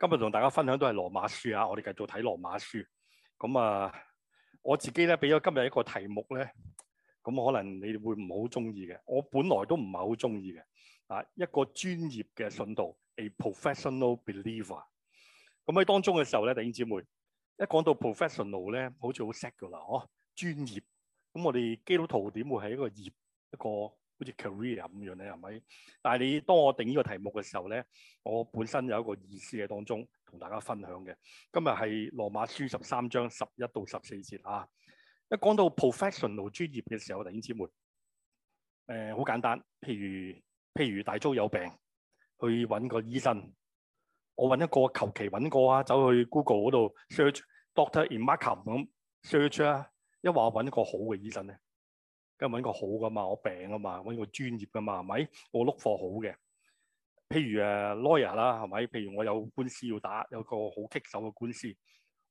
今日同大家分享都係《羅馬書》啊，我哋繼續睇《羅馬書》。咁啊，我自己咧俾咗今日一個題目咧，咁可能你會唔係好中意嘅。我本來都唔係好中意嘅，啊，一個專業嘅信徒，a professional believer。咁喺當中嘅時候咧，弟兄姊妹，一講到 professional 咧，好似好 set 噶啦，哦、啊，專業，咁我哋基督徒點會係一個業，一個？好似 career 咁樣咧，係咪？但係你當我定呢個題目嘅時候咧，我本身有一個意思嘅當中同大家分享嘅。今日係羅馬書十三章十一到十四節啊。一講到 professional 專業嘅時候，弟兄姊妹，誒、呃、好簡單，譬如譬如大租有病，去揾個醫生。我揾一個求其揾個啊，走去 Google 嗰度 search doctor in market 咁 search 啊，一話揾一個好嘅醫生咧。而家揾個好噶嘛，我病啊嘛，揾個專業噶嘛，係咪？我碌貨好嘅，譬如誒 lawyer 啦，係咪？譬如我有官司要打，有個好棘手嘅官司，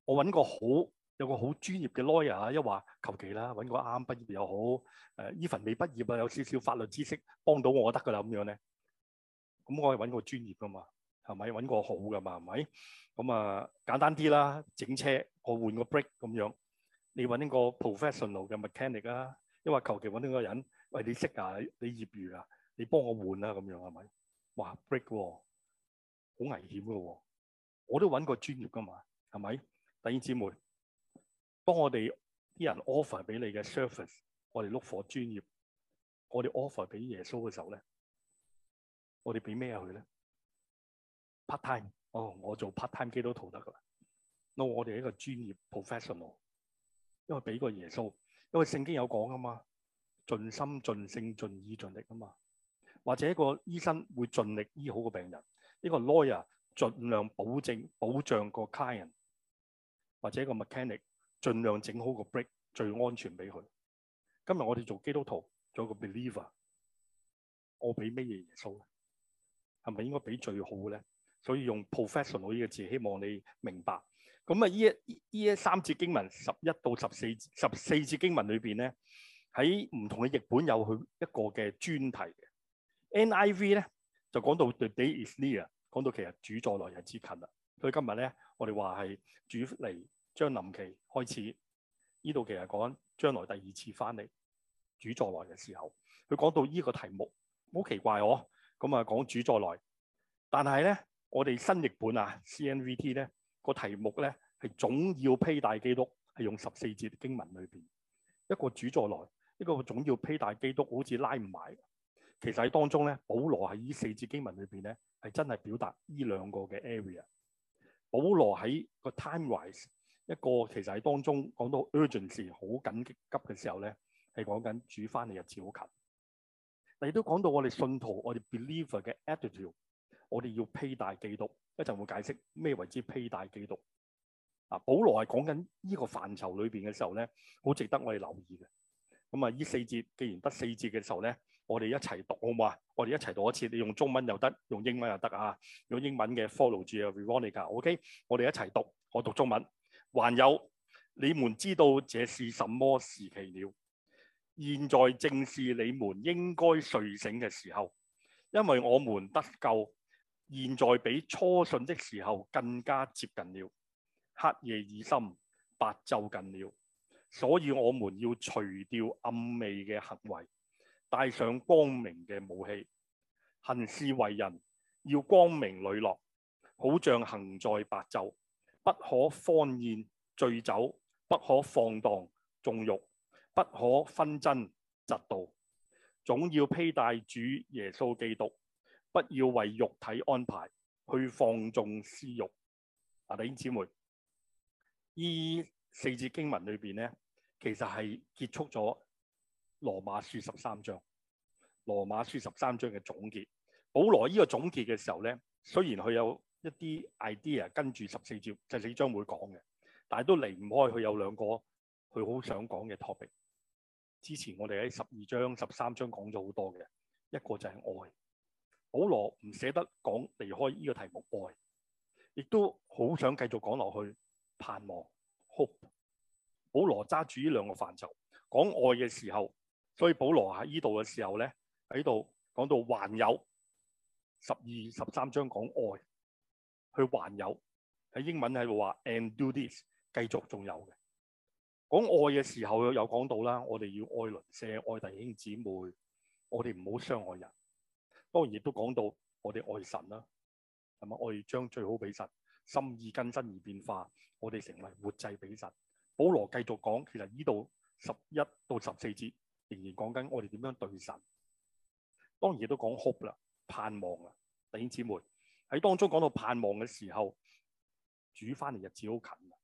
我揾個好有個好專業嘅 lawyer 啦，一話求其啦，揾個啱畢業又好，even 未畢業啊，有少少法律知識幫到我得㗎啦，咁樣咧，咁我係揾個專業㗎嘛，係咪？揾個好㗎嘛，係咪？咁啊簡單啲啦，整車我換個 brake 咁樣，你揾個 professional 嘅 mechanic 啊。因為求其揾，呢個人，喂，你識啊？你業餘啊？你幫我換啦，啊，咁樣係咪？哇，break，好，啊，危險噶喎，啊！我都揾過專業噶嘛，係咪？弟兄姊妹，當我哋啲人 offer 俾你嘅 service，我哋碌火專業，我哋 offer 俾耶穌嘅時候咧，我哋俾咩佢咧？part time，哦，我做 part time 基督徒得噶，咁，no, 我哋係一個專業 professional，因為俾個耶穌。因為聖經有講啊嘛，盡心、盡性、盡意、盡力啊嘛，或者一個醫生會盡力醫好個病人，呢個 lawyer 盡量保證保障個 c a n t 或者一個 mechanic 盡量整好個 break 最安全俾佢。今日我哋做基督徒做個 believer，我俾乜嘢耶穌咧？係咪應該俾最好咧？所以用 professional 呢個字，希望你明白。咁啊，呢一一三節經文，十一到十四十四節經文裏面咧，喺唔同嘅譯本有佢一個嘅專題 NIV 呢。NIV 咧就講到 The Day is Near，講到其實主再來日之近啦。所以今日咧，我哋話係主嚟將臨期開始。呢度其實講將來第二次翻嚟，主再來嘅時候，佢講到呢個題目好奇怪哦。咁啊，講主再來，但係咧，我哋新譯本啊 CNVT 咧。個題目咧係總要披戴基督，係用十四節經文裏邊一個主再來，一個總要披戴基督，好似拉唔埋。其實喺當中咧，保羅喺呢四節經文裏邊咧係真係表達呢兩個嘅 area。保羅喺個 timewise，一個其實喺當中講到 urgency 好緊急嘅時候咧，係講緊主返嚟日子好近。你都講到我哋信徒，我哋 believer 嘅 attitude，我哋要披戴基督。一陣會解釋咩為之披戴基督。啊，保羅係講緊呢個範疇裏邊嘅時候咧，好值得我哋留意嘅。咁啊，呢四節既然得四節嘅時候咧，我哋一齊讀好唔好啊？我哋一齊讀一次，你用中文又得，用英文又得啊。用英文嘅 Follow 住啊，Rev. 尼格，OK？我哋一齊讀，我讀中文。還有，你們知道這是什麼時期了？現在正是你們應該睡醒嘅時候，因為我們得救，現在比初信的時候更加接近了，黑夜已深，白晝近了，所以我們要除掉暗昧嘅行為，帶上光明嘅武器，行事為人要光明磊落，好像行在白晝，不可荒宴醉酒，不可放蕩縱欲，不可紛爭嫉妒，總要披戴主耶穌基督。不要為肉體安排去放縱私欲，弟兄姊妹，依四節經文裏邊咧，其實係結束咗羅馬書十三章，羅馬書十三章嘅總結。保羅依個總結嘅時候咧，雖然佢有一啲 idea 跟住十四章，就係四章會講嘅，但係都離唔開佢有兩個佢好想講嘅 topic。之前我哋喺十二章、十三章講咗好多嘅，一個就係愛。保羅唔捨得講離開呢個題目愛，亦都好想繼續講落去盼望。hope，保羅揸住呢兩個範疇講愛嘅時候，所以保羅喺呢度嘅時候咧喺度講到還有十二十三章講愛，去還有喺英文喺度話 and do this 繼續仲有嘅講愛嘅時候有講到啦，我哋要愛鄰舍、愛弟兄姊妹，我哋唔好傷害人。當然亦都講到我哋愛神啦，係嘛？我哋將最好俾神，心意更新而變化，我哋成為活祭俾神。保羅繼續講，其實呢度十一到十四節仍然講緊我哋點樣對神。當然亦都講 hope 啦，盼望啊，弟兄姊妹喺當中講到盼望嘅時候，主返嚟日子好近啊，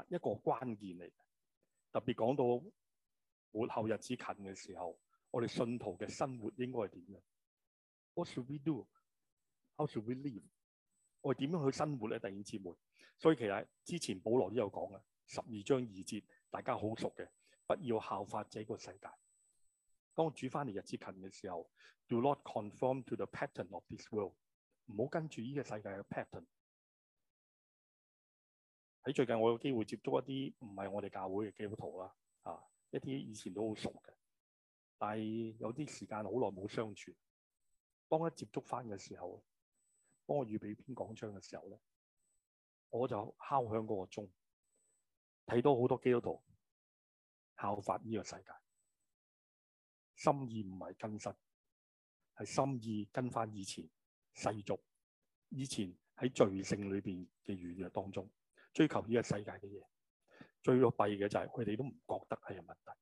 啊一個關鍵嚟，特別講到末後日子近嘅時候，我哋信徒嘅生活應該係點樣？What should we do? How should we live? 我哋點樣去生活咧？弟兄姊妹，所以其實之前保羅都有講嘅，十二章二節，大家好熟嘅，不要效法這個世界。當主翻嚟日子近嘅時候，Do not conform to the pattern of this world。唔好跟住呢個世界嘅 pattern。喺最近我有機會接觸一啲唔係我哋教會嘅基督徒啦、啊，一啲以前都好熟嘅，但係有啲時間好耐冇相處。當一接觸翻嘅時候，幫我預備篇講章嘅時候咧，我就敲響嗰個鐘，睇到好多基督徒效法呢個世界，心意唔係更新，係心意跟翻以前世俗，以前喺罪性裏邊嘅軟弱當中追求呢個世界嘅嘢，最弊嘅就係佢哋都唔覺得係問題。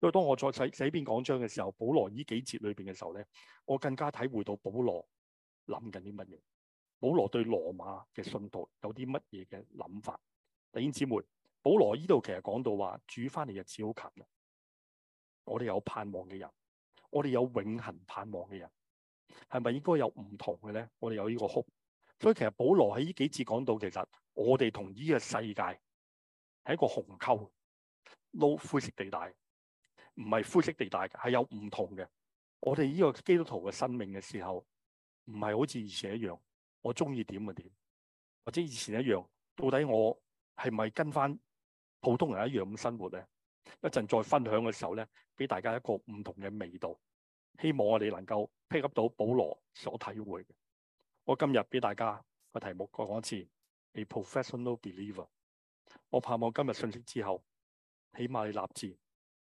因為當我再寫篇講章嘅時候，保羅呢幾節裏邊嘅時候咧，我更加體會到保羅諗緊啲乜嘢。保羅對羅馬嘅信徒有啲乜嘢嘅諗法？弟兄姊妹，保羅呢度其實講到話，主翻嚟日子好近啦。我哋有盼望嘅人，我哋有永恒盼望嘅人，係咪應該有唔同嘅咧？我哋有呢個哭。所以其實保羅喺呢幾節講到，其實我哋同呢個世界係一個鴻溝，撈灰色地帶。唔係灰色地帶嘅，係有唔同嘅。我哋呢個基督徒嘅生命嘅時候，唔係好似以前一樣，我中意點就點，或者以前一樣。到底我係咪跟翻普通人一樣咁生活咧？一陣再分享嘅時候咧，俾大家一個唔同嘅味道。希望我哋能夠 pick up 到保羅所體會嘅。我今日俾大家個題目講一次，a professional believer。我盼望今日信息之後，起碼你立志。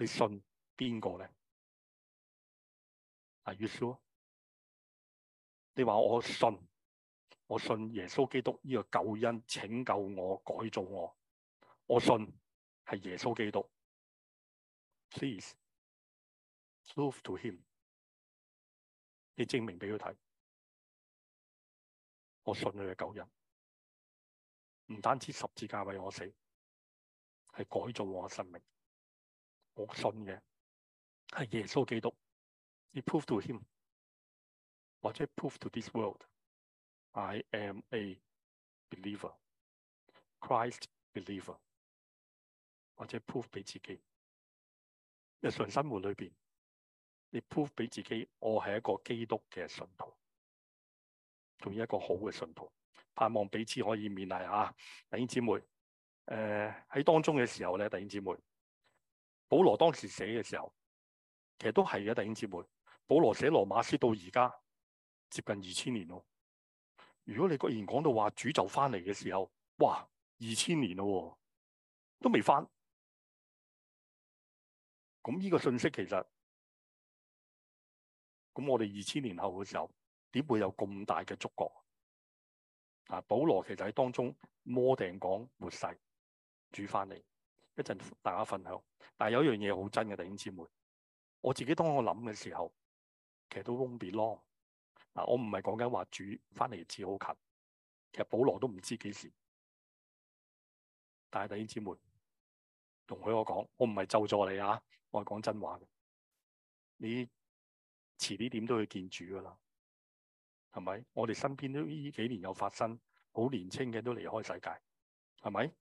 你信邊個咧？啊，耶穌，你話我信，我信耶穌基督呢個救恩拯救我、改造我，我信係耶穌基督。Please move to him，你證明俾佢睇，我信佢嘅救恩，唔單止十字架為我死，係改造我嘅生命。我信嘅係耶穌基督，你 prove to him，或者 prove to this world，I am a believer，Christ believer，或者 prove 俾自己，日常生活裏邊，你 prove 俾自己，我係一個基督嘅信徒，仲要一個好嘅信徒，盼望彼此可以勉勵啊！弟兄姊妹，誒、呃、喺當中嘅時候咧，弟兄姊妹。保羅當時寫嘅時候，其實都係嘅。弟兄姊妹，保羅寫羅馬書到而家接近二千年咯。如果你居然講到話主就翻嚟嘅時候，哇，二千年咯，都未翻。咁呢個信息其實，咁我哋二千年後嘅時候，點會有咁大嘅觸覺？啊，保羅其實喺當中摩定講末世主翻嚟。主回來一陣大家分享，但係有一樣嘢好真嘅，弟兄姊妹，我自己當我諗嘅時候，其實都懵逼咯。嗱，我唔係講緊話主翻嚟至好近，其實保羅都唔知幾時。但係弟兄姊妹，同佢我講，我唔係咒詛你啊，我係講真話嘅。你遲啲點都去見主㗎啦，係咪？我哋身邊都呢幾年有發生，好年青嘅都離開世界，係咪？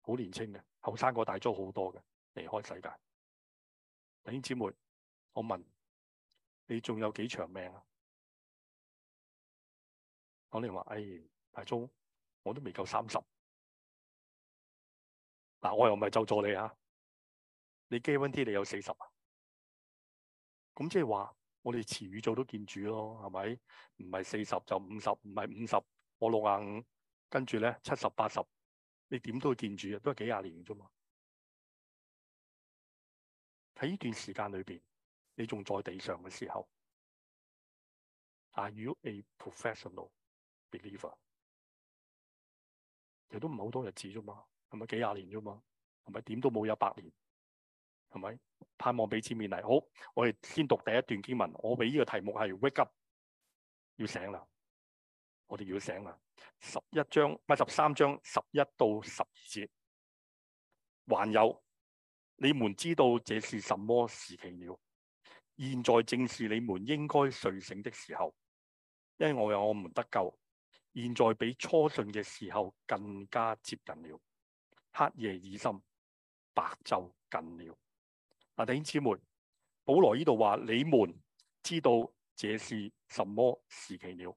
好年青嘅。後生個大租好多嘅，離開世界。弟兄姊妹，我問你仲有幾長命啊？我哋話，哎，大租我都未夠三十。嗱，我又唔係咒你啊，你 g a n 啲你有四十啊？咁即係話，我哋遲早都見主咯，係咪？唔係四十就五十，唔係五十我六啊五，跟住咧七十八十。你點都會見主啊，都係幾廿年啫嘛。喺呢段時間裏面，你仲在地上嘅時候，Are you a professional believer？其實都唔係好多日子啫嘛，係咪幾廿年啫嘛，係咪點都冇一百年？係咪盼望畀前面嚟？好，我哋先讀第一段經文。我俾呢個題目係 wake up，要醒啦！我哋要醒啦！十一章咪十三章十一到十二節，還有你們知道這是什麼時期了？現在正是你們應該睡醒的時候，因為我有我們得救，現在比初信嘅時候更加接近了。黑夜已深，白晝近了。嗱，弟兄姊妹，保羅呢度話你們知道這是什麼時期了？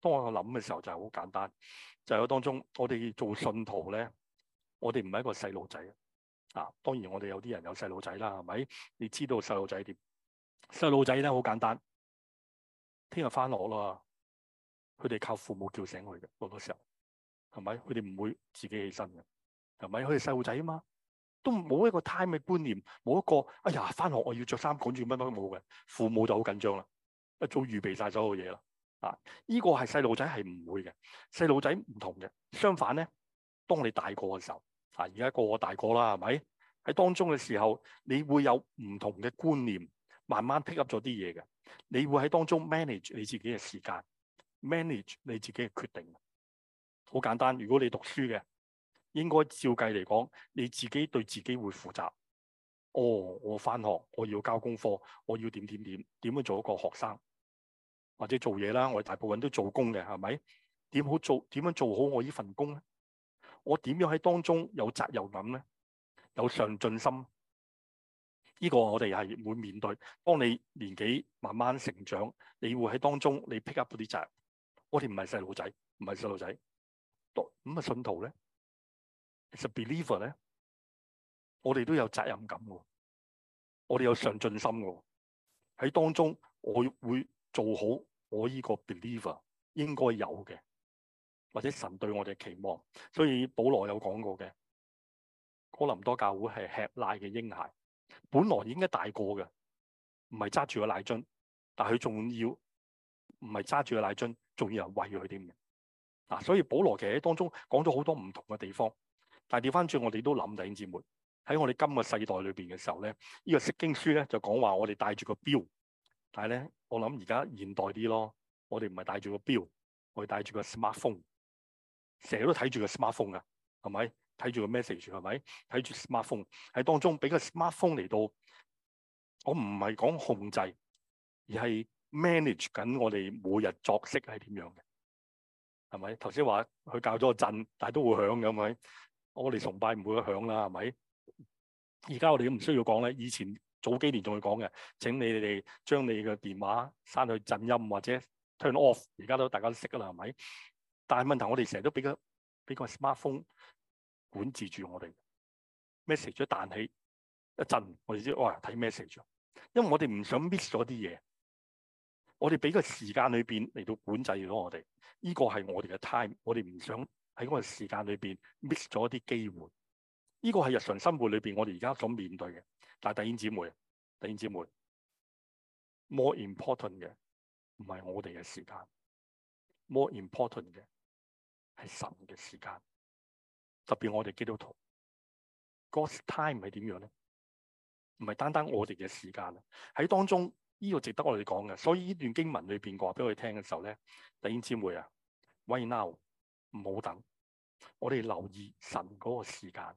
當我諗嘅時候就係好簡單，就係、是、當中我哋做信徒咧， 我哋唔係一個細路仔啊。當然我哋有啲人有細路仔啦，係咪？你知道細路仔點？細路仔咧好簡單，聽日翻學咯，佢哋靠父母叫醒佢嘅好多時候，係咪？佢哋唔會自己起身嘅，係咪？佢哋細路仔啊嘛，都冇一個 time 嘅觀念，冇一個哎呀翻學我要着衫，趕住乜都冇嘅，父母就好緊張啦，一早預備晒所有嘢啦。啊！呢個係細路仔，係唔會嘅，細路仔唔同嘅。相反呢，當你大個嘅時候，啊，而家個個大個啦，係咪？喺當中嘅時候，你會有唔同嘅觀念，慢慢 pick up 咗啲嘢嘅。你會喺當中 manage 你自己嘅時間，manage 你自己嘅決定。好簡單，如果你讀書嘅，應該照計嚟講，你自己對自己會負責。哦，我返學，我要交功課，我要點點點，點樣做一個學生。或者做嘢啦，我哋大部分都做工嘅，係咪？點好做？點樣做好我呢份工咧？我點樣喺當中有責任感咧？有上進心？呢個我哋係會面對。當你年紀慢慢成長，你會喺當中你 pick up 到啲責任。我哋唔係細路仔，唔係細路仔。咁啊，信徒咧，其實 believer 咧，我哋都有責任感嘅，我哋有上進心嘅。喺當中，我會。做好我依個 believer 應該有嘅，或者神對我哋嘅期望。所以保羅有講過嘅哥林多教會係吃奶嘅嬰孩，本來已經應該大個嘅，唔係揸住個奶樽，但係佢仲要唔係揸住個奶樽，仲要人餵佢點嘅嗱？所以保羅其實喺當中講咗好多唔同嘅地方，但係調翻轉我哋都諗弟兄姊妹喺我哋今個世代裏邊嘅時候咧，呢個釋經書咧就講話我哋帶住個標，但係咧。我諗而家現代啲咯，我哋唔係帶住個表，我哋帶住個 smartphone，成日都睇住個 smartphone 啊，係咪？睇住個 message 係咪？睇住 smartphone，喺當中俾個 smartphone 嚟到，我唔係講控制，而係 manage 緊我哋每日作息係點樣嘅，係咪？頭先話佢教咗個陣，但係都會響咁咪？我哋崇拜唔會響啦，係咪？而家我哋都唔需要講咧，以前。早幾年仲會講嘅，請你哋將你嘅電話刪去震音或者 turn off。而家都大家都識噶啦，係咪？但係問題我哋成日都俾個俾個 smartphone 管治住我哋 message 彈起一陣，我哋知哇睇 message。因為我哋唔想 miss 咗啲嘢，我哋俾個時間裏邊嚟到管制咗我哋。呢個係我哋嘅 time，我哋唔想喺嗰個時間裏邊 miss 咗啲機會。呢、這個係日常生活裏邊我哋而家所面對嘅，但係弟兄姊妹，弟兄姊妹，more important 嘅唔係我哋嘅時間，more important 嘅係神嘅時間，特別我哋基督徒，God time 係點樣咧？唔係單單我哋嘅時間啊！喺當中呢、這個值得我哋講嘅，所以呢段經文裏邊話俾我哋聽嘅時候咧，弟兄姊妹啊，wait now，唔好等，我哋留意神嗰個時間。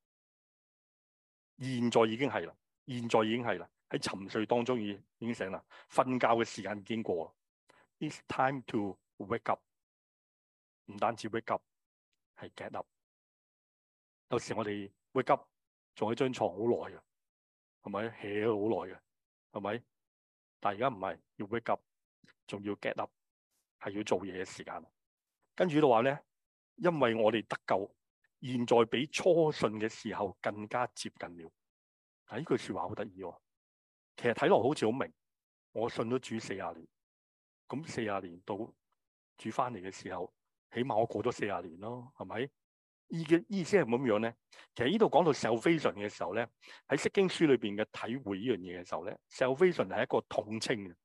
現在已經係啦，現在已經係啦，喺沉睡當中已已經醒啦，瞓覺嘅時間已經過啦。It's time to wake up，唔單止 wake up，係 get up。有時我哋 wake up 仲喺張床好耐嘅，係咪起咗好耐嘅，係咪？但而家唔係，要 wake up，仲要 get up，係要做嘢嘅時間。跟住都話咧，因為我哋得救。現在比初信嘅時候更加接近了。係呢句説話好得意喎，其實睇落好似好明，明。我信咗主四十年，咁四十年到主返嚟嘅時候，起碼我過咗四十年咯，係咪？意嘅意思係咁樣咧。其實呢度講到 salvation 嘅時候咧，喺《釋經書》裏邊嘅體會呢樣嘢嘅時候咧，salvation 係一個統稱嘅。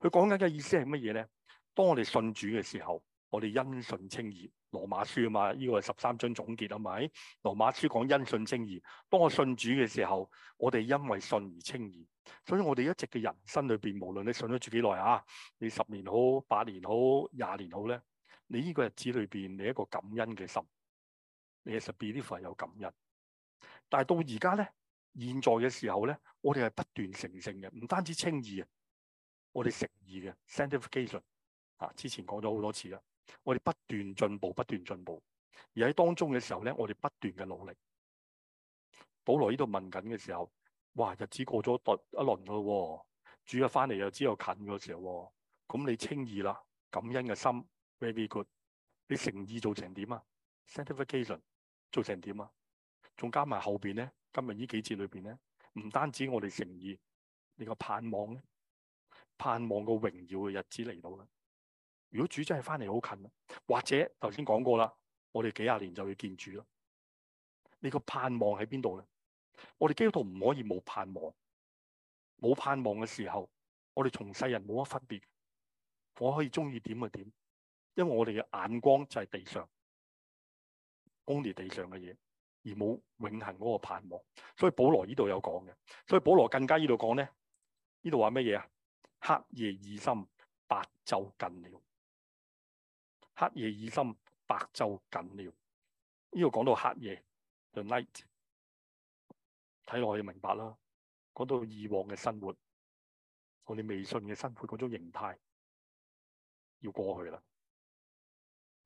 佢講緊嘅意思係乜嘢咧？當我哋信主嘅時候，我哋因信稱義。羅馬書啊嘛，呢、這個係十三章總結啊，咪羅馬書講因信稱義。當我信主嘅時候，我哋因為信而稱義。所以我哋一直嘅人生裏邊，無論你信咗主幾耐啊，你十年好、八年好、廿年好咧，你呢個日子裏邊，你一個感恩嘅心，你係實 believer 有感恩。但係到而家咧，現在嘅時候咧，我哋係不斷成聖嘅，唔單止稱義啊，我哋成義嘅 sanctification 啊，之前講咗好多次啦。我哋不斷進步，不斷進步，而喺當中嘅時候咧，我哋不斷嘅努力。保羅呢度問緊嘅時候，哇！日子過咗一輪咯，主咗翻嚟又之後近嗰時候，咁你輕易啦？感恩嘅心 very good，你誠意做成點啊？Sanctification 做成點啊？仲加埋後邊咧，今日呢幾節裏邊咧，唔單止我哋誠意，你個盼望咧，盼望個榮耀嘅日子嚟到啦。如果主真係翻嚟好近啦，或者頭先講過啦，我哋幾廿年就要見主啦。你個盼望喺邊度咧？我哋基督徒唔可以冇盼望，冇盼望嘅時候，我哋同世人冇乜分別。我可以中意點就點，因為我哋嘅眼光就係地上，攻連地上嘅嘢，而冇永恆嗰個盼望。所以保羅呢度有講嘅，所以保羅更加這裡呢度講咧，呢度話乜嘢啊？黑夜已深，白晝近了。黑夜已深，白晝緊了。呢度講到黑夜就 night，睇落去明白啦。講到以往嘅生活，我哋未信嘅生活嗰種形態要過去啦。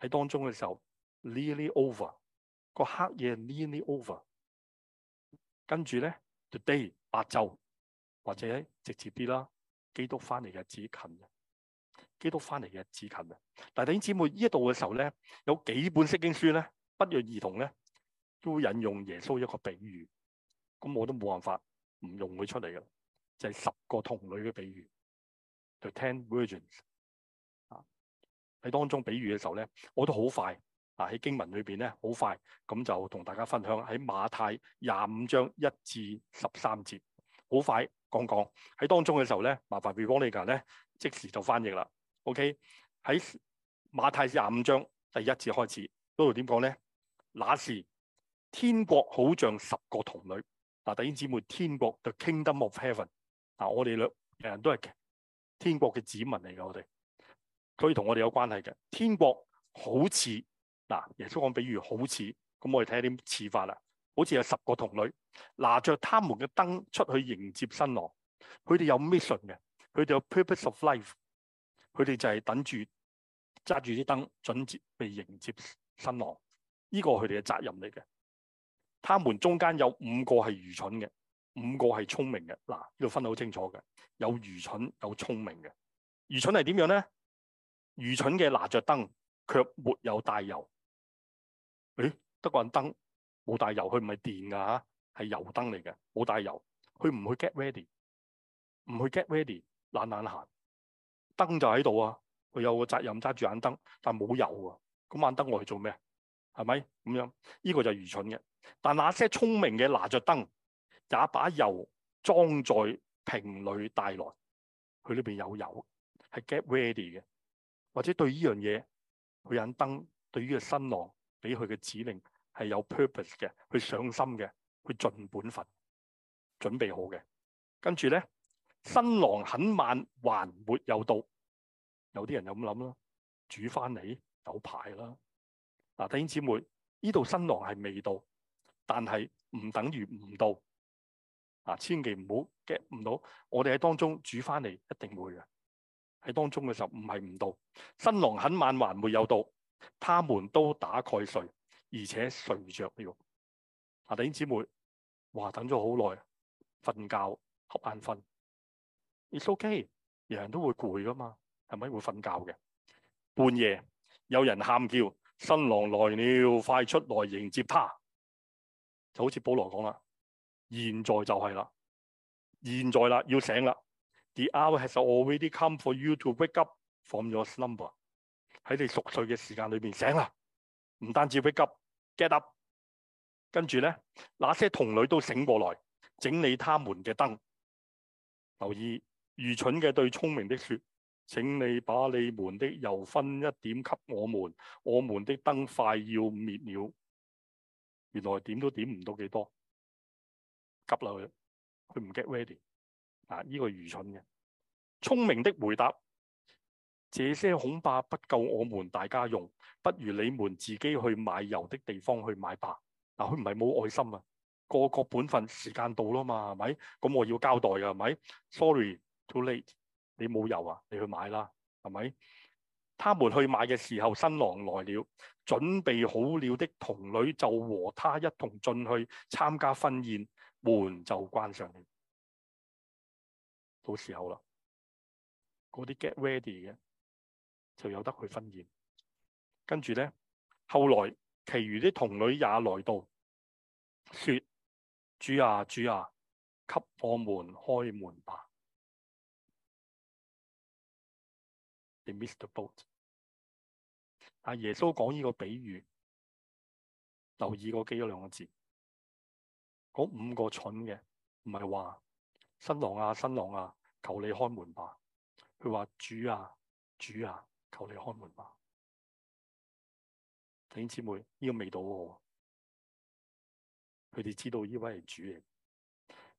喺當中嘅時候，nearly over 個黑夜 nearly over，跟住咧 the day 白晝或者直接啲啦，基督翻嚟嘅日子近。基督翻嚟嘅日近啊！但係兄弟姊妹，呢一度嘅時候咧，有幾本釋經書咧，不約而同咧，都會引用耶穌一個比喻。咁我都冇辦法唔用佢出嚟㗎，就係、是、十個童女嘅比喻。To ten virgins 啊！喺當中比喻嘅時候咧，我都好快啊！喺經文裏邊咧，好快咁就同大家分享喺馬太廿五章一至十三節，好快講講喺當中嘅時候咧，麻煩 Blogger 咧即時就翻譯啦。O.K. 喺馬太廿五章第一節開始嗰度點講咧？那時天國好像十個童女。嗱，弟兄姊妹，天國就 Kingdom of Heaven。嗱，我哋兩人人都係天國嘅子民嚟嘅，我哋所以同我哋有關係嘅。天國好似嗱，耶穌講比喻好似咁，我哋睇下點似法啦。好似有，有十個童女，拿着他們嘅燈出去迎接新郎。佢哋有 mission 嘅，佢哋有 purpose of life。佢哋就係等住揸住啲燈，準備迎接新郎。依、呢個佢哋嘅責任嚟嘅。他們中間有五個係愚蠢嘅，五個係聰明嘅。嗱，要分得好清楚嘅，有愚蠢有聰明嘅。愚蠢係點樣咧？愚蠢嘅拿着燈，卻沒有帶油。誒，得個人燈冇帶油，佢唔係電噶吓，係油燈嚟嘅，冇帶油，佢唔去 get ready，唔去 get ready，懶懶行。燈就喺度啊，佢有個責任揸住眼燈，但冇油啊，咁眼燈我去做咩？係咪咁樣？呢個就愚蠢嘅。但那些聰明嘅拿著燈，也把油裝在瓶裏帶來，佢裏邊有油係 get ready 嘅，或者對呢樣嘢佢眼燈對於個新郎俾佢嘅指令係有 purpose 嘅，去上心嘅，去盡本分準備好嘅，跟住咧。新郎很晚還沒有到，有啲人就咁諗啦，煮翻嚟，有排啦。嗱，弟兄姊妹，呢度新郎係未到，但係唔等於唔到。啊，千祈唔好驚唔到，我哋喺當中煮翻嚟一定會嘅。喺當中嘅時候唔係唔到，新郎很晚還沒有到，他們都打概睡，而且睡着了。嗱，弟兄姊妹，哇，等咗好耐，瞓覺、瞌眼瞓。It's OK，人人都會攰噶嘛，係咪會瞓覺嘅？半夜有人喊叫，新郎來了，快出來迎接他。就好似保羅講啦，現在就係啦，現在啦，要醒啦。The hour has already come for you to wake up from your slumber。喺你熟睡嘅時間裏面醒啦，唔單止 wake up，get up，跟住咧，那些童女都醒過來，整理他們嘅燈，留意。愚蠢嘅對聰明的說：「請你把你們的油分一點給我們，我們的燈快要滅了。原來點都點唔到幾多，急落佢，佢唔 get ready 啊！呢、這個愚蠢嘅。聰明的回答：這些恐怕不夠我們大家用，不如你們自己去買油的地方去買吧。嗱，佢唔係冇愛心啊，個個本分時間到啦嘛，係咪？咁我要交代㗎，係咪？Sorry。too late，你冇油啊，你去買啦，係咪？他們去買嘅時候，新郎來了，準備好了的童女就和他一同進去參加婚宴，門就關上。到時候了，嗰啲 get ready 嘅就有得去婚宴。跟住呢，後來其餘啲童女也來到，說：主啊，主啊，給我們開門吧！miss the boat。阿耶穌講呢個比喻，留意個幾多兩個字。嗰五個蠢嘅，唔係話新郎啊新郎啊，求你開門吧。佢話主啊主啊，求你開門吧。弟兄姐妹，呢、這個未到喎。佢哋知道呢位係主嚟。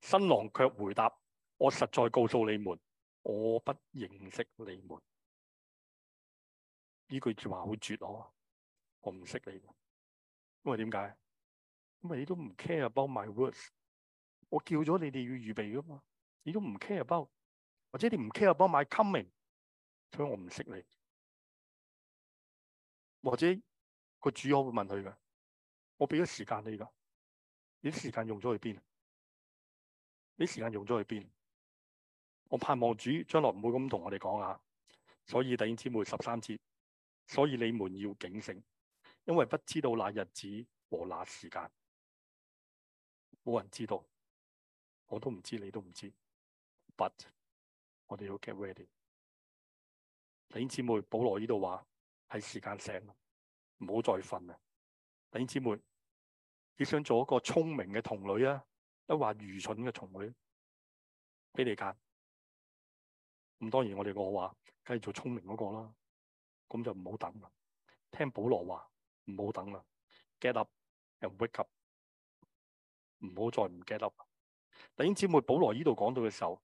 新郎卻回答：我實在告訴你們，我不認識你們。呢句說話好絕哦！我唔識你，因為點解？因為你都唔 care about my words，我叫咗你哋要預備噶嘛，你都唔 care about，或者你唔 care about my coming，所以我唔識你。或者個主我會問佢嘅，我俾咗時間你噶，你啲時間用咗去邊？你啲時間用咗去邊？我盼望主將來唔會咁同我哋講啊！所以弟兄姊妹十三節。所以你們要警醒，因為不知道那日子和那時間，冇人知道，我都唔知，你都唔知。But 我哋要 get ready。弟兄姊妹，保羅呢度話係時間醒，唔好再瞓啊！弟兄姊妹，你想做一個聰明嘅童女啊，一話愚蠢嘅童女，畀你揀。咁當然我哋我話，梗係做聰明嗰個啦。咁就唔好等啦。聽保羅話，唔好等啦，get up and wake up，唔好再唔 get up 啦。弟兄姐妹，保羅依度講到嘅時候，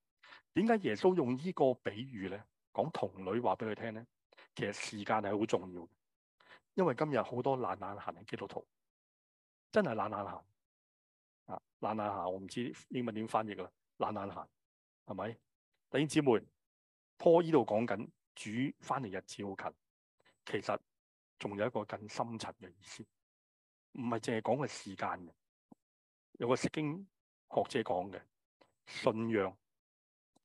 點解耶穌用呢個比喻咧？講童女話俾佢聽咧,其實時間係好重要嘅，因為今日好多懶懶閒嘅基督徒，真係懶懶閒啊，懶懶閒。我唔知英文點翻譯㗎啦，懶懶閒係咪？弟兄姐妹，保羅依度講緊主翻嚟日子好近。其實仲有一個更深層嘅意思，唔係淨係講嘅時間嘅。有個《聖經》學者講嘅，信仰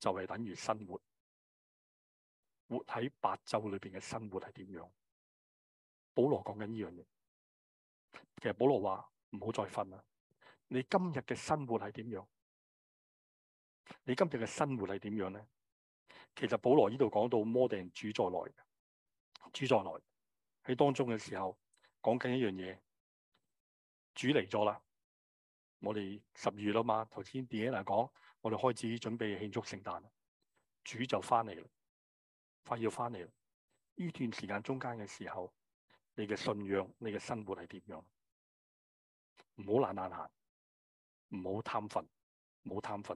就係等於生活，活喺白晝裏邊嘅生活係點樣？保羅講緊呢樣嘢。其實保羅話唔好再瞓啦，你今日嘅生活係點樣？你今日嘅生活係點樣咧？其實保羅呢度講到摩地人主在內。主再嚟喺當中嘅時候，講緊一樣嘢，主嚟咗啦。我哋十月啦嘛，頭先 Diana 講，我哋開始準備慶祝聖誕。主就翻嚟啦，快要翻嚟啦。呢段時間中間嘅時候，你嘅信仰，你嘅生活係點樣的？唔好懶懶閒，唔好貪瞓，唔好貪瞓。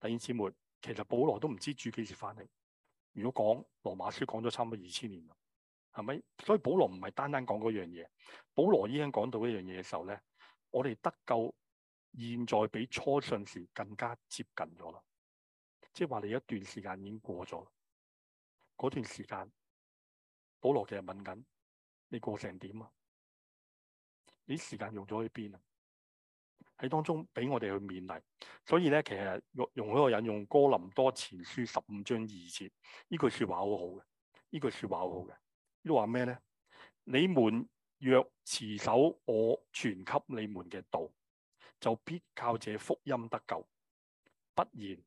弟兄姊妹，其實保羅都唔知道主幾時翻嚟。如果講羅馬書講咗差唔多二千年啦，係咪？所以保羅唔係單單講嗰樣嘢，保羅已經講到一樣嘢嘅時候咧，我哋得夠現在比初信時更加接近咗啦。即係話你一段時間已經過咗，嗰段時間保羅其實問緊你過成點啊？你啲時間用咗喺邊啊？喺當中俾我哋去勉勵，所以咧，其實用用一個引用哥林多前書十五章二節，句句說呢句説話好好嘅，呢句説話好好嘅，呢度話咩咧？你們若持守我傳給你們嘅道，就必靠這福音得救，不然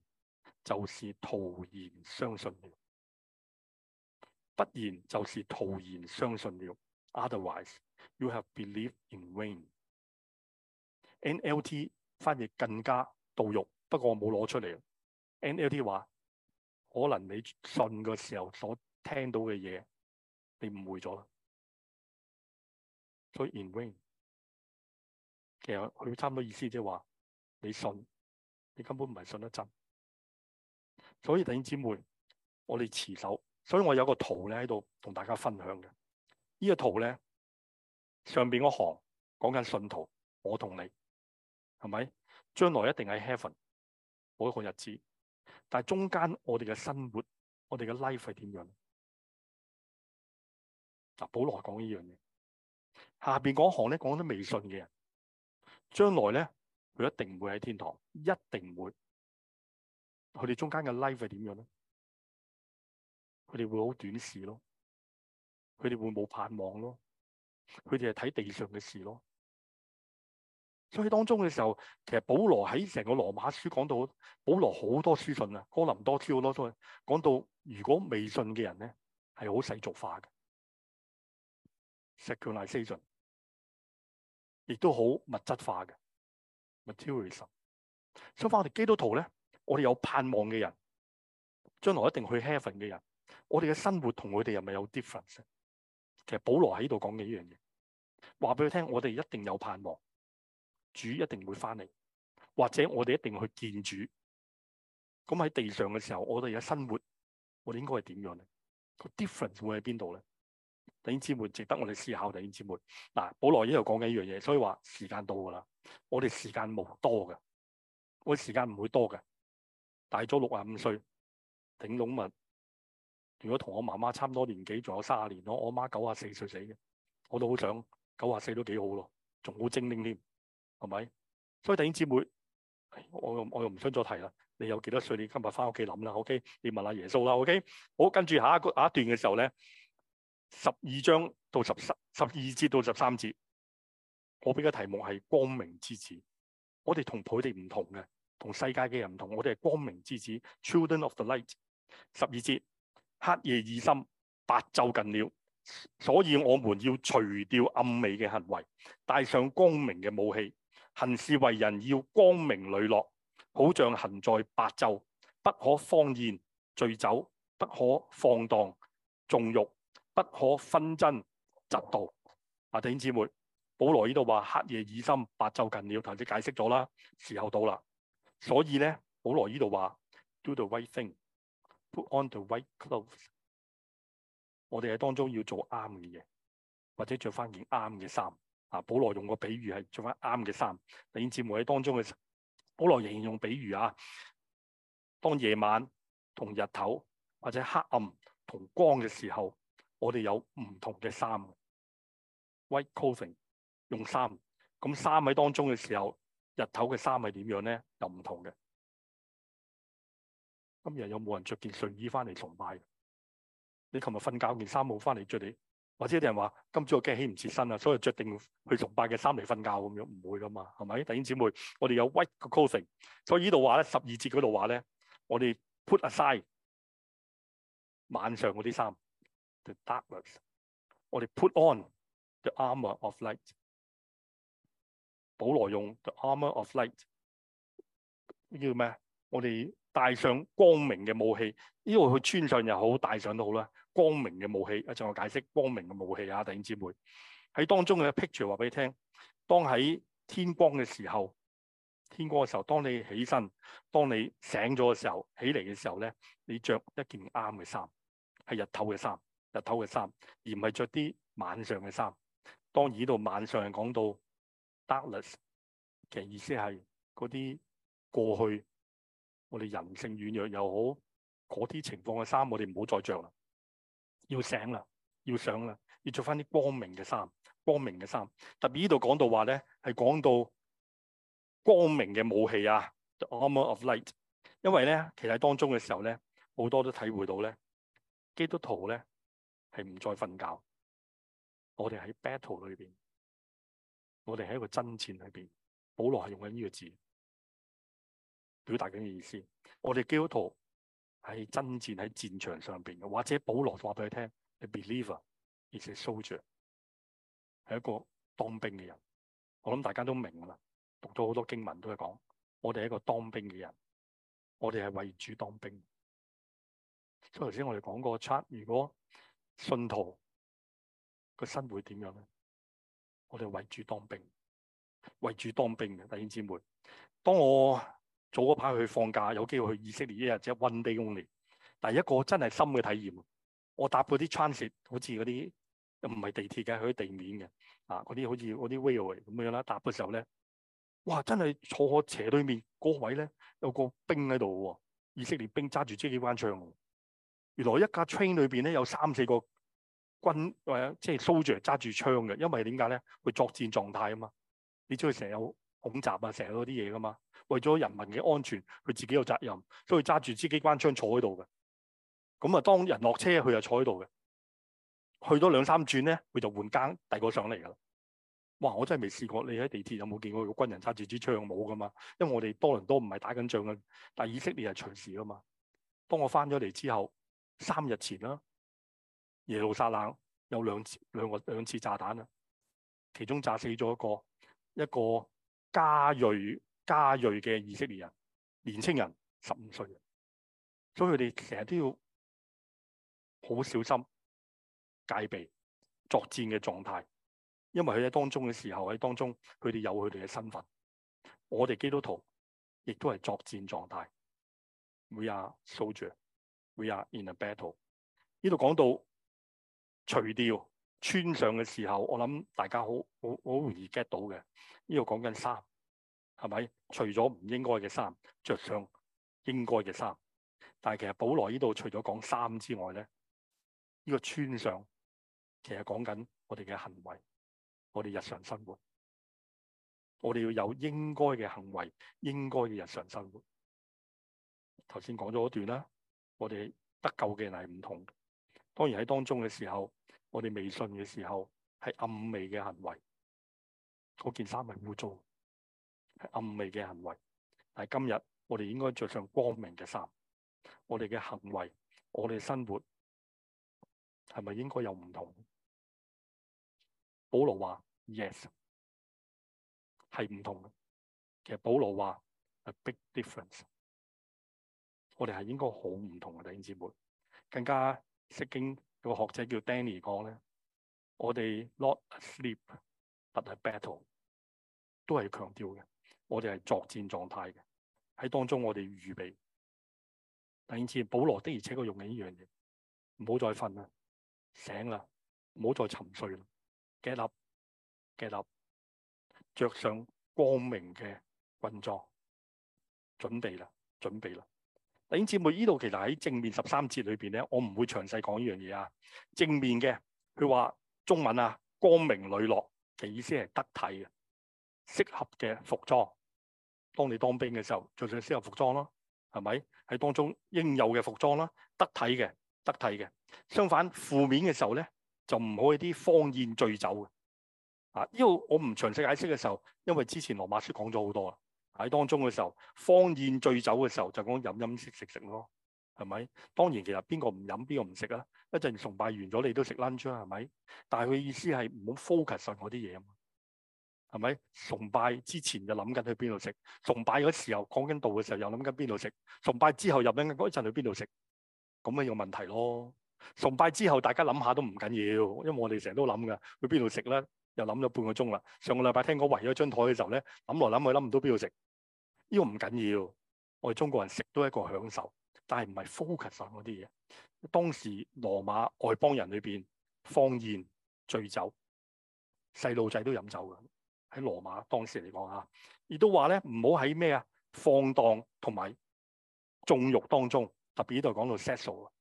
就是徒然相信了，不然就是徒然相信了。Otherwise, you have believed in vain. NLT 翻譯更加到肉，不過我冇攞出嚟。NLT 話：可能你信嘅時候所聽到嘅嘢，你誤會咗啦。所以 in vain，其實佢差唔多意思，即係話你信，你根本唔係信得真。所以弟兄姊妹，我哋持守，所以我有個圖咧喺度同大家分享嘅。呢、這個圖咧，上面嗰行講緊信徒，我同你。係咪？將來一定喺 heaven 嗰一個日子，但係中間我哋嘅生活，我哋嘅 life 係點樣？嗱，保羅講呢樣嘢，下邊嗰行咧講啲未信嘅人，將來咧佢一定唔會喺天堂，一定唔會。佢哋中間嘅 life 係點樣咧？佢哋會好短視咯，佢哋會冇盼望咯，佢哋係睇地上嘅事咯。所以當中嘅時候，其實保羅喺成個羅馬書講到，保羅好多書信啊，哥林多書都講到，如果未信嘅人咧係好世俗化嘅，secularization，亦都好物，物質化嘅，materialism。相反，我哋基督徒咧，我哋有盼望嘅人，將來一定去 heaven 嘅人，我哋嘅生活同佢哋係咪有 difference？其實保羅喺度講嘅呢樣嘢，話俾佢聽，我哋一定有盼望。主一定會翻嚟，或者我哋一定去見主。咁喺地上嘅時候，我哋而家生活，我哋應該係點樣咧？個 difference 會喺邊度咧？第二姊妹值得我哋思考。第二姊妹嗱，保羅依度講緊呢樣嘢，所以話時間到噶啦。我哋時間冇多嘅，我哋時間唔會多嘅。大咗六十五歲，頂籠。如果同我媽媽差唔多年紀，仲有卅年咯。我媽九十四歲死嘅，我都好想九十四都幾好咯，仲好精靈添。係咪？所以弟兄姊妹，我又我又唔想再提啦。你有幾多歲？你今日翻屋企諗啦。OK，你問下耶穌啦。OK，好，跟住下一個下一段嘅時候咧，十二章到十十二節到十三節，我俾嘅題目係光明之子。我哋同佢哋唔同嘅，同世界嘅人唔同。我哋係光明之子，Children of the Light。十二節，黑夜已深，白晝近了，所以我們要除掉暗昧嘅行為，帶上光明嘅武器。行事為人要光明磊落，好像行在白晝，不可放言、醉酒、不可放蕩、縱慾、不可紛爭執道。啊，弟兄姊妹，保羅呢度話黑夜已深，白晝近了，頭先解釋咗啦，時候到啦。所以咧，保羅呢度話 do the right thing，put on the right clothes。我哋喺當中要做啱嘅嘢，或者着翻件啱嘅衫。啊、保羅用個比喻係做翻啱嘅衫。第二節喎，喺當中嘅保羅仍然用比喻啊。當夜晚同日頭，或者黑暗同光嘅時候，我哋有唔同嘅衫 White clothing 用衫。咁衫喺當中嘅時候，日頭嘅衫係點樣咧？又唔同嘅。今日有冇人着件睡衣翻嚟崇拜？你琴日瞓覺件衫冇翻嚟着你？或者有啲人話今朝我驚起唔切身啦，所以着定去崇拜嘅衫嚟瞓覺咁樣，唔會噶嘛，係咪？弟兄姊妹，我哋有 white 嘅 clothing，所以呢度話咧，十二節嗰度話咧，我哋 put aside 晚上嗰啲衫，the darkness，我哋 put on the armour of light。保羅用 the armour of light 叫咩？我哋帶上光明嘅武器，呢度佢穿上又好，帶上都好啦。光明嘅武器，啊，仲有解釋光明嘅武器啊，弟兄姊妹喺當中嘅 picture 話俾你聽，當喺天光嘅時候，天光嘅時候，當你起身，當你醒咗嘅時候，起嚟嘅時候咧，你着一件啱嘅衫，係日頭嘅衫，日頭嘅衫，而唔係着啲晚上嘅衫。當移到晚上，講到 darkness，其實意思係嗰啲過去我哋人性軟弱又好，嗰啲情況嘅衫，我哋唔好再着啦。要醒啦，要上啦，要着翻啲光明嘅衫，光明嘅衫。特別呢度講到話咧，係講到光明嘅武器啊，the armor of light。因為咧，其實當中嘅時候咧，好多都體會到咧，基督徒咧係唔再瞓覺。我哋喺 battle 裏面，我哋喺一個真戰裏面，保羅係用緊呢個字，表達緊嘅意思。我哋基督徒。係真戰，喺戰場上邊嘅，或者保羅話俾你聽，The believer is a soldier，係一個當兵嘅人。我諗大家都明啦，讀咗好多經文都係講，我哋係一個當兵嘅人，我哋係為主當兵。所以頭先我哋講過，如果信徒個身會點樣咧？我哋為主當兵，為主當兵嘅弟兄姊妹。當我早嗰排去放假，有機會去以色列一日啫，one day only。但一個真係深嘅體驗，我搭嗰啲 transit 好似嗰啲唔係地鐵嘅，喺地面嘅啊，嗰啲好似嗰啲 railway 咁樣啦。搭嘅時候咧，哇！真係坐我斜對面嗰、那個、位咧有個兵喺度喎，以色列兵揸住支機關槍，原來一架 train 裏面咧有三四個軍或者即係 soldier 揸住槍嘅，因為點解咧？會作戰狀態啊嘛，你知佢成日有恐襲啊，成日嗰啲嘢噶嘛。為咗人民嘅安全，佢自己有責任，所以揸住支機關槍坐喺度嘅。咁啊，當人落車，佢又坐喺度嘅。去咗兩三轉咧，佢就換更第二個上嚟噶啦。哇！我真係未試過，你喺地鐵有冇見過個軍人揸住支槍冇噶嘛？因為我哋多倫多唔係打緊仗嘅，但以色列係隨時噶嘛。當我翻咗嚟之後，三日前啦，耶路撒冷有兩次兩個兩次炸彈呀，其中炸死咗一個一個加瑞。加裔嘅以色列人，年青人，十五歲，所以佢哋成日都要好小心戒備作戰嘅狀態，因為佢喺當中嘅時候喺當中，佢哋有佢哋嘅身份。我哋基督徒亦都係作戰狀態，We are soldiers, we are in a battle。呢度講到除掉穿上嘅時候，我諗大家好好好容易 get 到嘅。呢度講緊衫。係咪？除咗唔應該嘅衫，着上應該嘅衫。但係其實保羅呢度除咗講衫之外咧，呢個穿上其實講緊我哋嘅行為，我哋日常生活，我哋要有應該嘅行為，應該嘅日常生活。頭先講咗嗰段啦，我哋得救嘅人係唔同。當然喺當中嘅時候，我哋未信嘅時候係暗昧嘅行為，嗰件衫係污糟。暗昧嘅行為，但係今日我哋應該着上光明嘅衫，我哋嘅行為，我哋生活係咪應該有唔同？保羅話 Yes，係唔同嘅。其實保羅話 a big difference，我哋係應該好唔同嘅弟兄姊妹。更加識經個學者叫 Danny 講咧，我哋 not asleep but a battle，都係強調嘅。我哋係作戰狀態嘅，喺當中我哋預備。弟兄姊妹，保羅的而且確用緊呢樣嘢，唔好再瞓啦，醒啦，唔好再沉睡啦，get up，get up，着上光明嘅軍裝，準備啦，準備啦。弟兄姊妹，呢度其實喺正面十三節裏邊咧，我唔會詳細講呢樣嘢啊。正面嘅佢話中文啊，光明磊落嘅意思係得體嘅。適合嘅服裝，當你當兵嘅時候，就着適合服裝咯，係咪？喺當中應有嘅服裝啦，得體嘅，得體嘅。相反，負面嘅時候咧，就唔好一啲荒宴醉酒嘅。啊，呢、這個我唔詳細解釋嘅時候，因為之前羅馬書講咗好多啦，喺當中嘅時候，荒宴醉酒嘅時候就講飲，飲飲食食食咯，係咪？當然，其實邊個唔飲邊個唔食啦，一陣崇拜完咗你都食 lunch 係咪？但係佢意思係唔好 focus 實嗰啲嘢係咪崇拜之前就諗緊去邊度食？崇拜嗰時候講緊道嘅時候又諗緊邊度食？崇拜之後入緊嗰一陣去邊度食？咁啊有問題咯。崇拜之後大家諗下都唔緊要，因為我哋成日都諗噶，去邊度食咧？又諗咗半個鐘啦。上個禮拜聽講圍咗張台嘅時候咧，諗來諗去諗唔到邊度食。呢個唔緊要，我哋中國人食都係一個享受，但係唔係 focus 喺啲嘢。當時羅馬外邦人裏邊方言、醉酒，細路仔都飲酒噶。喺羅馬當時嚟講嚇，亦都話咧唔好喺咩啊放蕩同埋縱欲當中，特別呢度講到 sexual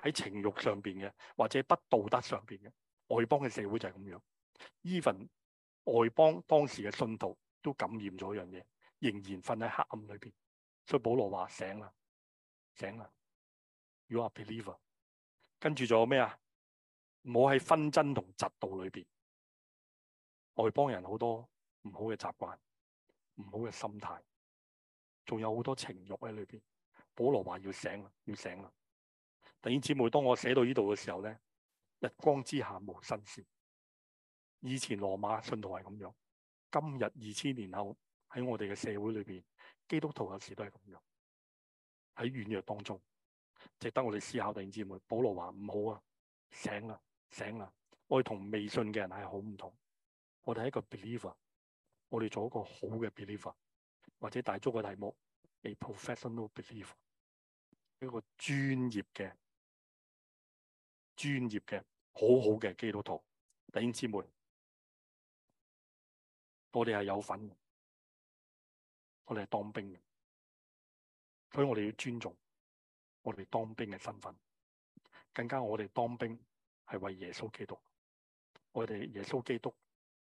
喺情欲上邊嘅或者不道德上邊嘅外邦嘅社會就係咁樣。even 外邦當時嘅信徒都感染咗一樣嘢，仍然瞓喺黑暗裏面。所以保羅話醒啦醒啦，you are believer 跟。跟住仲有咩啊？唔好喺紛爭同嫉妒裏面。外邦人好多唔好嘅習慣，唔好嘅心態，仲有好多情欲喺裏邊。保羅話要醒啦，要醒啦。弟兄姊妹，當我寫到呢度嘅時候咧，日光之下無新鮮。以前羅馬信徒係咁樣，今日二千年後喺我哋嘅社會裏邊，基督徒有時都係咁樣喺軟弱當中，值得我哋思考。弟兄姊妹，保羅話唔好啊，醒啊，醒啦。我哋同未信嘅人係好唔同。我哋係一個 believer，我哋做一個好嘅 believer，或者大足個題目，a professional believer，一個專業嘅、專業嘅、好好嘅基督徒。弟兄姊妹，我哋係有份，我哋係當兵嘅，所以我哋要尊重我哋當兵嘅身份，更加我哋當兵係為耶穌基督，我哋耶穌基督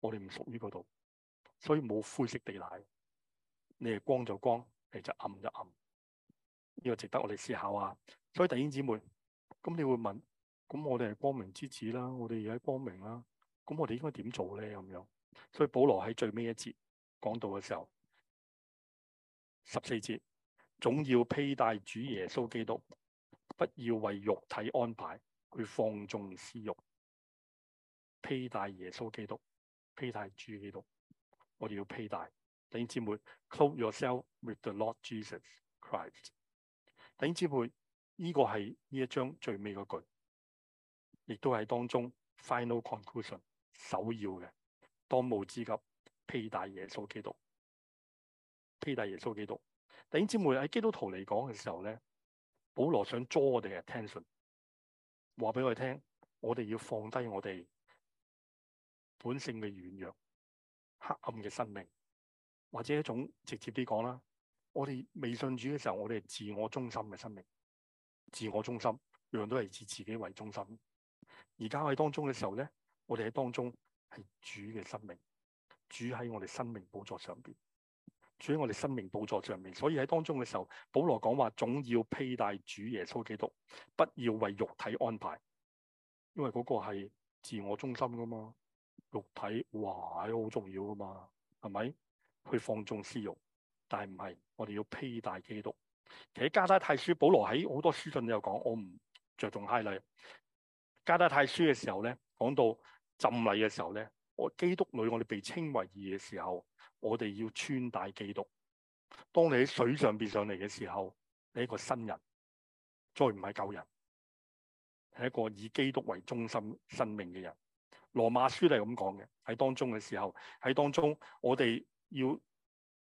我哋唔屬於嗰度，所以冇灰色地帶。你係光就光，你就暗就暗。呢個值得我哋思考啊！所以弟兄姊妹，咁你會問：咁我哋係光明之子啦，我哋而家光明啦，咁我哋應該點做咧？咁樣。所以保羅喺最尾一節講到嘅時候，十四節，總要披戴主耶穌基督，不要為肉體安排去放縱私慾，披戴耶穌基督。佩戴主基督，我哋要佩戴。弟兄姊妹，clothe yourself with the Lord Jesus Christ。弟兄姊妹，呢、這個係呢一章最尾嗰句，亦都係當中 final conclusion 首要嘅當務之急，佩戴耶穌基督，佩戴耶穌基督。弟兄姊妹喺基督徒嚟講嘅時候咧，保羅想捉我哋嘅 attention，話俾我哋聽，我哋要放低我哋。本性嘅軟弱、黑暗嘅生命，或者一種直接啲講啦，我哋未信主嘅時候，我哋係自我中心嘅生命，自我中心，樣樣都係以自，自己為中心。而家喺當中嘅時候咧，我哋喺當中係主嘅生命，主喺我哋生命寶座上面。主喺我哋生命寶座上面。所以喺當中嘅時候，保羅講話總要披戴主耶穌基督，不要為肉體安排，因為嗰個係自我中心㗎嘛。肉體哇，好重要噶嘛，係咪？去放縱私慾，但係唔係，我哋要披戴基督。其實加拉太書保羅喺好多書信都有講，我唔着重禮。加拉太書嘅時候咧，講到浸禮嘅時候咧，我基督裏我哋被稱為義嘅時候，我哋要穿戴基督。當你喺水上面上嚟嘅時候，你一個新人，再唔係舊人，係一個以基督為中心生命嘅人。羅馬書係咁講嘅，喺當中嘅時候，喺當中我哋要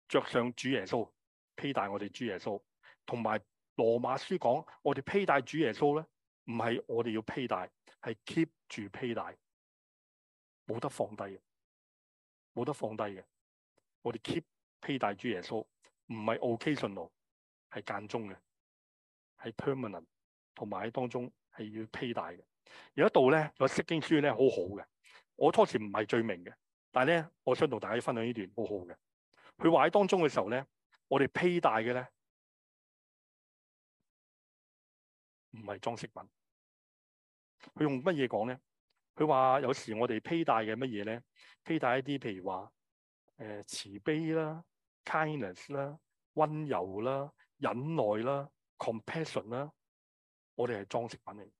着上主耶穌，披戴我哋主耶穌。同埋羅馬書講我哋披戴主耶穌咧，唔係我哋要披戴，係 keep 住披戴，冇得放低嘅，冇得放低嘅，我哋 keep 披戴主耶穌，唔係 occasional，係間中嘅，係 permanent，同埋喺當中係要披戴嘅。有一度咧，個釋經書咧好好嘅。我初時唔係最明嘅，但係咧，我想同大家分享呢段好好嘅。佢話喺當中嘅時候咧，我哋佩戴嘅咧，唔係裝飾品。佢用乜嘢講咧？佢話有時我哋佩戴嘅乜嘢咧？佩戴一啲譬如話誒、呃、慈悲啦、kindness 啦、溫柔啦、忍耐啦、compassion 啦，我哋係裝飾品嚟。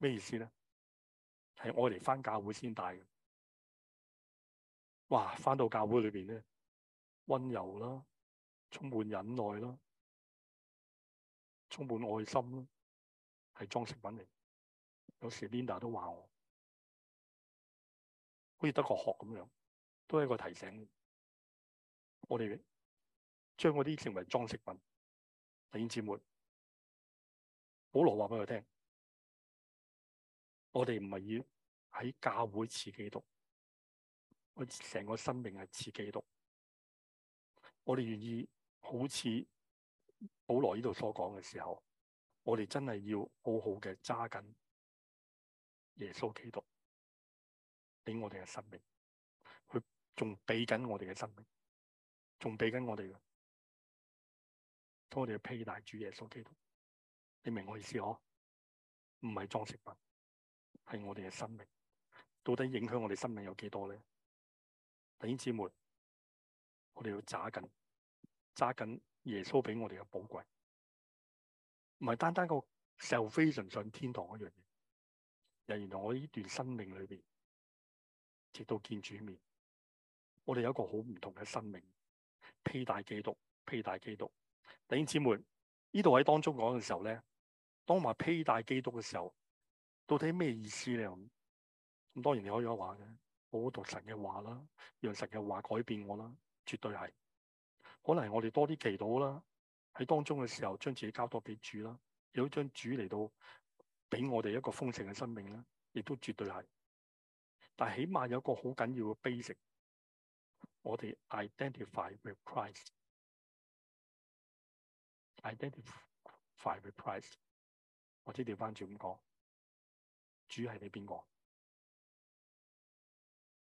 咩意思咧？我哋翻教會先帶嘅，哇！翻到教會裏邊咧，溫柔啦，充滿忍耐啦，充滿愛心啦，係裝飾品嚟。有時 Linda 都話我，好似得個殼咁樣，都係一個提醒。我哋將嗰啲成為裝飾品。弟兄姊妹，保羅話俾佢聽，我哋唔係要。喺教會侍基，基督，我成個生命係侍基督。我哋願意好似保羅呢度所講嘅時候，我哋真係要好好嘅揸緊耶穌基督俾我哋嘅生命，佢仲俾緊我哋嘅生命，仲俾緊我哋，嘅。我哋要披戴主耶穌基督，你明我意思嗬？唔係裝飾品，係我哋嘅生命。到底影響我哋生命有幾多咧？弟兄姊妹，我哋要揸緊揸緊耶穌俾我哋嘅寶貴，唔係單單個 salvation 上天堂一樣嘢。又原來我呢段生命裏面，直到見主面，我哋有一個好唔同嘅生命，披戴基督，披戴基督。弟兄姊妹，呢度喺當中講嘅時候咧，當埋披戴基督嘅時候，到底咩意思咧？咁當然你可以有話嘅，我讀神嘅話啦，讓神嘅話改變我啦，絕對係。可能係我哋多啲祈禱啦，喺當中嘅時候將自己交多俾主啦，有將主嚟到畀我哋一個豐盛嘅生命啦，亦都絕對係。但係起碼有一個好緊要嘅 basic，我哋 identify with Christ，identify with Christ，或者調翻轉咁講，主係你邊個？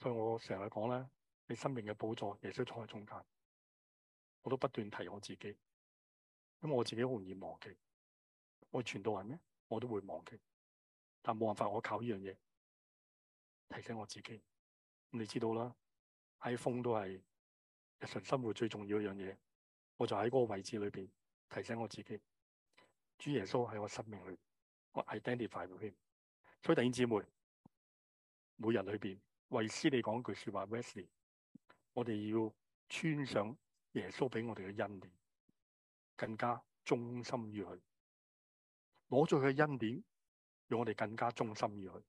所以我成日講咧，你生命嘅寶座，耶穌坐喺中間，我都不斷提我自己，因為我自己好容易忘記，我傳道係咩，我都會忘記，但冇辦法，我靠呢樣嘢提醒我自己。你知道啦，喺風都係日常生活最重要的一樣嘢，我就喺嗰個位置裏邊提醒我自己，主耶穌係我生命裏，我 identify him。所以弟兄姊妹，每日裏邊。為斯利，你講句說話，Wesley，我哋要穿上耶穌俾我哋嘅恩典，更加忠心於佢，攞咗佢嘅恩典，讓我哋更加忠心於佢。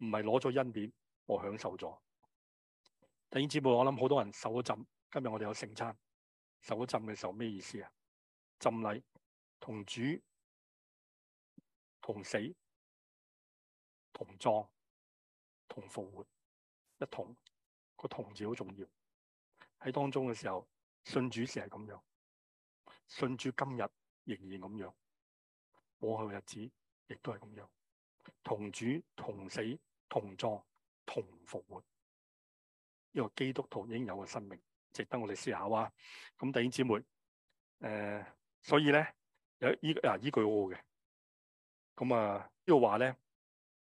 唔係攞咗恩典，我享受咗。弟兄姊妹，我諗好多人受咗浸，今日我哋有聖餐，受咗浸嘅時候咩意思啊？浸禮同主同死同葬。同復活，一同個同字好重要，喺當中嘅時候信主時是係咁樣，信主今日仍然咁樣，往後日子亦都係咁樣，同主同死同葬同復活，呢個基督徒已經有嘅生命，值得我哋思考啊！咁弟兄姊妹，誒、呃，所以咧有依啊依句我嘅，咁啊呢、呢個話咧。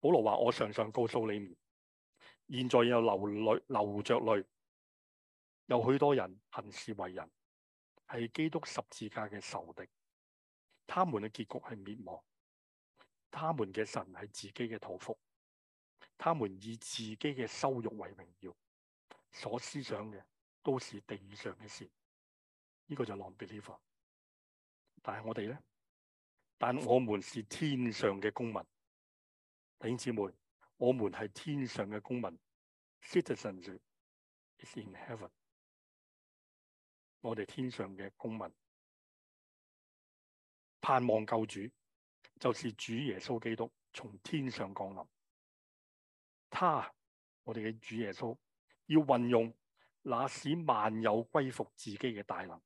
保羅話：我常常告訴你們，現在又流淚流着淚，有許多人行事為人，係基督十字架嘅仇敵，他們嘅結局係滅亡，他們嘅神係自己嘅肚腹，他們以自己嘅羞辱為榮耀，所思想嘅都是地上嘅事，呢、這個就 non-believer。但係我哋咧，但我們是天上嘅公民。弟兄姊妹，我們係天上嘅公民，citizenship is in heaven。我哋天上嘅公民，盼望救主，就是主耶穌基督從天上降臨。他，我哋嘅主耶穌，要運用那使萬有歸服自己嘅大能，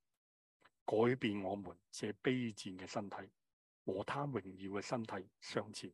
改變我們這卑賤嘅身體，和他榮耀嘅身體相似。